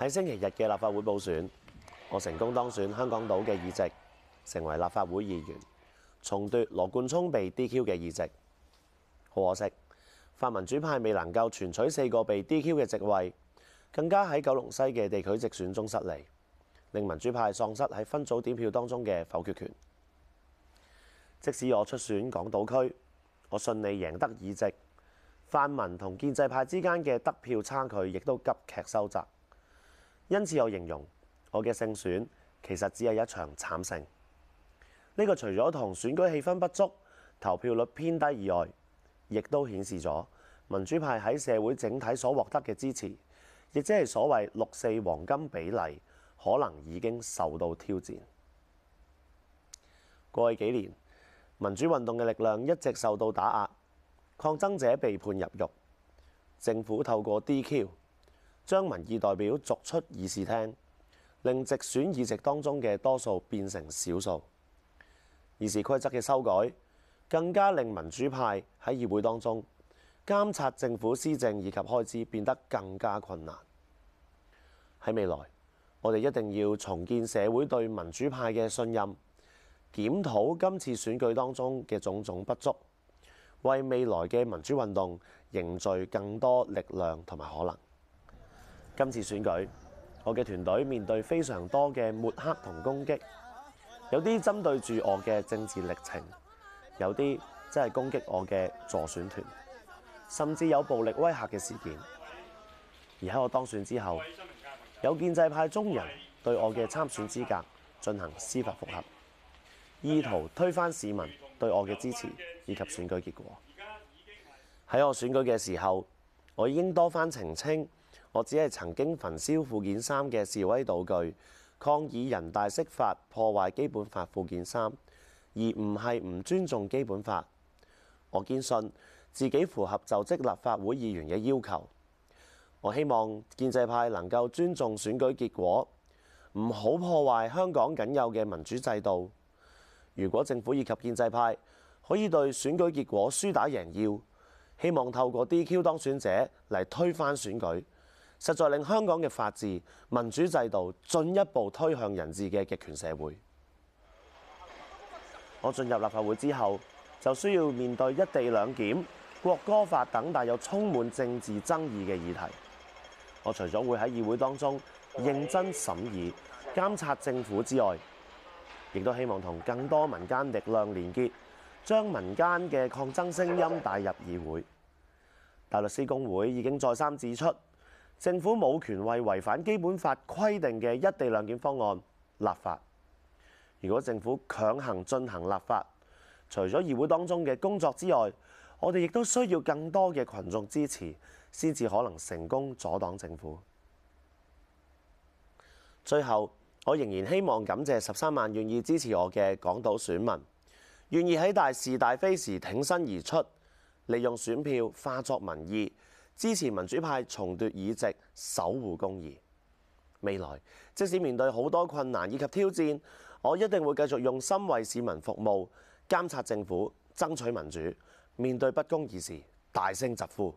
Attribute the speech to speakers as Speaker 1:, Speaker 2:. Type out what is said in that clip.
Speaker 1: 喺星期日嘅立法會補選，我成功當選香港島嘅議席，成為立法會議員，重奪羅冠聰被 D.Q. 嘅議席。好可惜，泛民主派未能夠全取四個被 D.Q. 嘅席位，更加喺九龍西嘅地區直選中失利，令民主派喪失喺分組點票當中嘅否決權。即使我出選港島區，我順利贏得議席，泛民同建制派之間嘅得票差距亦都急劇收窄。因此我形容我嘅勝選其實只係一場慘勝。呢個除咗同選舉氣氛不足、投票率偏低以外，亦都顯示咗民主派喺社會整體所獲得嘅支持，亦即係所謂六四黃金比例，可能已經受到挑戰。過去幾年，民主運動嘅力量一直受到打壓，抗爭者被判入獄，政府透過 DQ，將民意代表逐出議事廳，令直選議席當中嘅多數變成少數。議事規則嘅修改，更加令民主派喺議會當中監察政府施政以及開支變得更加困難。喺未來，我哋一定要重建社會對民主派嘅信任，檢討今次選舉當中嘅種種不足，為未來嘅民主運動凝聚更多力量同埋可能。今次選舉，我嘅團隊面對非常多嘅抹黑同攻擊，有啲針對住我嘅政治歷程，有啲真係攻擊我嘅助選團，甚至有暴力威嚇嘅事件。而喺我當選之後，有建制派中人對我嘅參選資格進行司法覆核，意圖推翻市民對我嘅支持以及選舉結果。喺我選舉嘅時候，我已經多番澄清。我只係曾經焚燒附件三嘅示威道具，抗議人大釋法破壞基本法附件三，而唔係唔尊重基本法。我堅信自己符合就職立法會議員嘅要求。我希望建制派能夠尊重選舉結果，唔好破壞香港僅有嘅民主制度。如果政府以及建制派可以對選舉結果輸打贏要，希望透過 DQ 當選者嚟推翻選舉。實在令香港嘅法治、民主制度進一步推向人治嘅極權社會。我進入立法會之後，就需要面對一地兩檢、國歌法等帶有充滿政治爭議嘅議題。我除咗會喺議會當中認真審議、監察政府之外，亦都希望同更多民間力量連結，將民間嘅抗爭聲音帶入議會。大律師公會已經再三指出，政府冇權為違反基本法規定嘅一地兩檢方案立法。如果政府強行進行立法，除咗議會當中嘅工作之外，我哋亦都需要更多嘅群眾支持，先至可能成功阻擋政府。最後，我仍然希望感謝十三萬願意支持我嘅港島選民，願意喺大是大非時挺身而出，利用選票化作民意。支持民主派重奪議席，守護公義。未來，即使面對好多困難以及挑戰，我一定會繼續用心為市民服務，監察政府，爭取民主。面對不公義事，大聲疾呼。